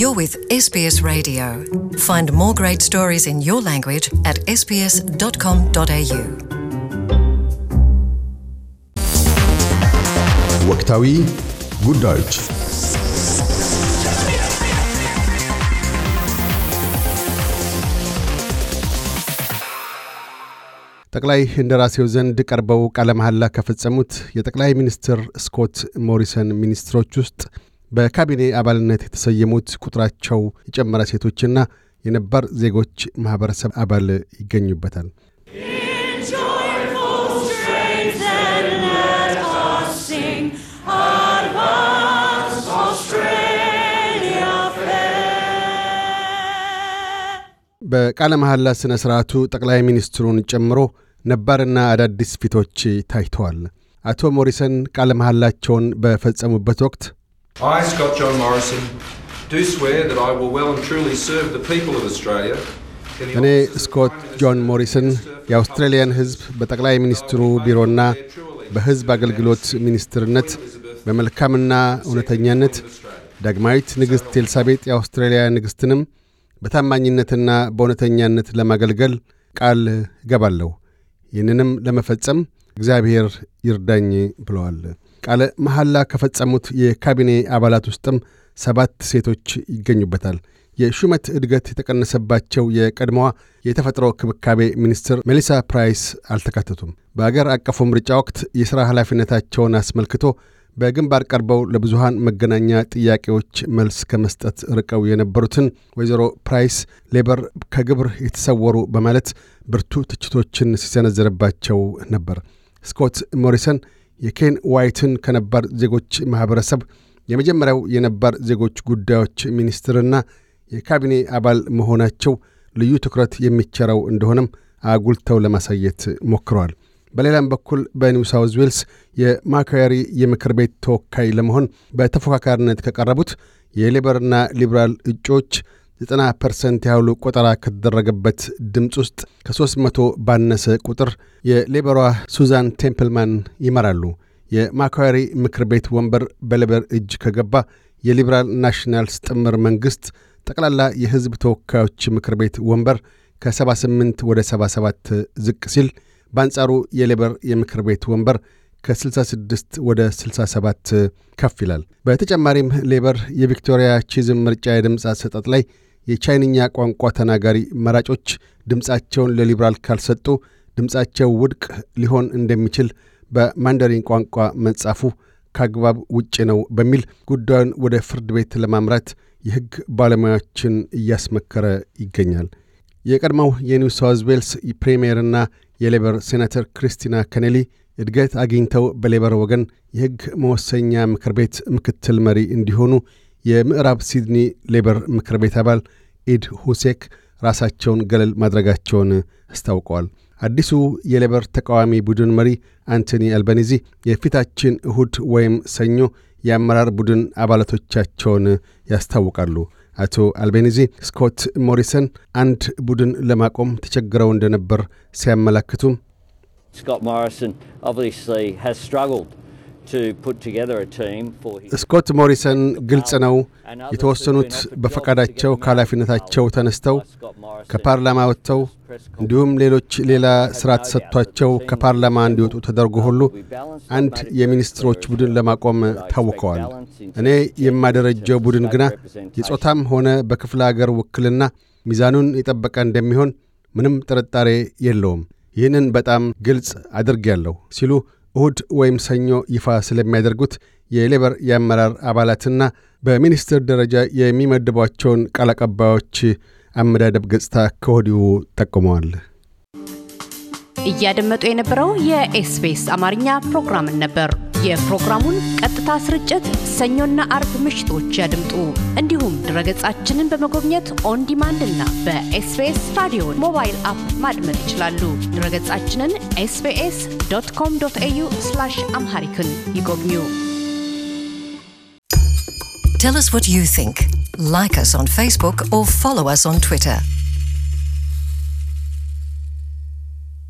You're with SBS Radio. Find more great stories in your language at sbs.com.au. ወቅታዊ ጉዳዮች ጠቅላይ እንደራሴው ዘንድ ቀርበው ቃለ መሐላ ከፈጸሙት የጠቅላይ ሚኒስትር ስኮት ሞሪሰን ሚኒስትሮች ውስጥ በካቢኔ አባልነት የተሰየሙት ቁጥራቸው የጨመረ ሴቶችና የነባር ዜጎች ማኅበረሰብ አባል ይገኙበታል። በቃለ መሐላ ሥነ ሥርዓቱ ጠቅላይ ሚኒስትሩን ጨምሮ ነባርና አዳዲስ ፊቶች ታይተዋል። አቶ ሞሪሰን ቃለ መሐላቸውን በፈጸሙበት ወቅት I, Scott John Morrison, do swear that I will well and truly serve the people of Australia. እኔ ስኮት ጆን ሞሪሰን የአውስትራሊያን ሕዝብ በጠቅላይ ሚኒስትሩ ቢሮና በሕዝብ አገልግሎት ሚኒስትርነት በመልካምና እውነተኛነት ዳግማዊት ንግሥት ኤልሳቤጥ የአውስትራሊያ ንግሥትንም በታማኝነትና በእውነተኛነት ለማገልገል ቃል እገባለሁ። ይህንንም ለመፈጸም እግዚአብሔር ይርዳኝ ብለዋል። ቃለ መሐላ ከፈጸሙት የካቢኔ አባላት ውስጥም ሰባት ሴቶች ይገኙበታል። የሹመት እድገት የተቀነሰባቸው የቀድሞዋ የተፈጥሮ ክብካቤ ሚኒስትር ሜሊሳ ፕራይስ አልተካተቱም። በአገር አቀፉ ምርጫ ወቅት የሥራ ኃላፊነታቸውን አስመልክቶ በግንባር ቀርበው ለብዙሃን መገናኛ ጥያቄዎች መልስ ከመስጠት ርቀው የነበሩትን ወይዘሮ ፕራይስ ሌበር ከግብር የተሰወሩ በማለት ብርቱ ትችቶችን ሲሰነዘረባቸው ነበር። ስኮት ሞሪሰን የኬን ዋይትን ከነባር ዜጎች ማኅበረሰብ የመጀመሪያው የነባር ዜጎች ጉዳዮች ሚኒስትርና የካቢኔ አባል መሆናቸው ልዩ ትኩረት የሚቸረው እንደሆነም አጉልተው ለማሳየት ሞክረዋል። በሌላም በኩል በኒው ሳውዝ ዌልስ የማካሪ የምክር ቤት ተወካይ ለመሆን በተፎካካሪነት ከቀረቡት የሌበርና ሊብራል እጩዎች 9 ፐርሰንት ያህሉ ቆጠራ ከተደረገበት ድምፅ ውስጥ ከ300 ባነሰ ቁጥር የሌበሯ ሱዛን ቴምፕልማን ይመራሉ። የማካሪ ምክር ቤት ወንበር በሌበር እጅ ከገባ የሊበራል ናሽናልስ ጥምር መንግሥት ጠቅላላ የሕዝብ ተወካዮች ምክር ቤት ወንበር ከ78 ወደ 77 ዝቅ ሲል በአንጻሩ የሌበር የምክር ቤት ወንበር ከ66 ወደ 67 ከፍ ይላል። በተጨማሪም ሌበር የቪክቶሪያ ቺዝም ምርጫ የድምፅ አሰጣጥ ላይ የቻይንኛ ቋንቋ ተናጋሪ መራጮች ድምፃቸውን ለሊብራል ካልሰጡ ድምፃቸው ውድቅ ሊሆን እንደሚችል በማንደሪን ቋንቋ መጻፉ ከአግባብ ውጭ ነው በሚል ጉዳዩን ወደ ፍርድ ቤት ለማምራት የሕግ ባለሙያዎችን እያስመከረ ይገኛል። የቀድሞው የኒው ሳውዝ ዌልስ ፕሬምየርና የሌበር ሴናተር ክሪስቲና ከኔሊ እድገት አግኝተው በሌበር ወገን የሕግ መወሰኛ ምክር ቤት ምክትል መሪ እንዲሆኑ የምዕራብ ሲድኒ ሌበር ምክር ቤት አባል ኢድ ሁሴክ ራሳቸውን ገለል ማድረጋቸውን አስታውቀዋል። አዲሱ የሌበር ተቃዋሚ ቡድን መሪ አንቶኒ አልባኒዚ የፊታችን እሁድ ወይም ሰኞ የአመራር ቡድን አባላቶቻቸውን ያስታውቃሉ። አቶ አልቤኒዚ ስኮት ሞሪሰን አንድ ቡድን ለማቆም ተቸግረው እንደነበር ሲያመላክቱም ስኮት ሞሪሰን ስኮት ሞሪሰን ግልጽ um, ነው፣ የተወሰኑት በፈቃዳቸው ከኃላፊነታቸው ተነስተው ከፓርላማ ወጥተው እንዲሁም ሌሎች ሌላ ሥራ ተሰጥቷቸው ከፓርላማ እንዲወጡ ተደርጎ ሁሉ አንድ የሚኒስትሮች ቡድን ለማቆም ታውከዋል። እኔ የማደረጀው ቡድን ግና የጾታም ሆነ በክፍለ አገር ውክልና ሚዛኑን የጠበቀ እንደሚሆን ምንም ጥርጣሬ የለውም። ይህንን በጣም ግልጽ አድርጌያለሁ ሲሉ እሁድ ወይም ሰኞ ይፋ ስለሚያደርጉት የሌበር የአመራር አባላትና በሚኒስትር ደረጃ የሚመድቧቸውን ቃል አቀባዮች አመዳደብ ገጽታ ከወዲሁ ጠቁመዋል። እያደመጡ የነበረው የኤስቢኤስ አማርኛ ፕሮግራምን ነበር። የፕሮግራሙን ቀጥታ ስርጭት ሰኞና አርብ ምሽቶች ያድምጡ። እንዲሁም ድረገጻችንን በመጎብኘት ኦን ዲማንድ እና በኤስቤስ ራዲዮ ሞባይል አፕ ማድመጥ ይችላሉ። ድረገጻችንን ኤስቤስ ዶት ኮም ዶት ኤዩ አምሃሪክን ይጎብኙ። Tell us what you think. Like us on Facebook or follow us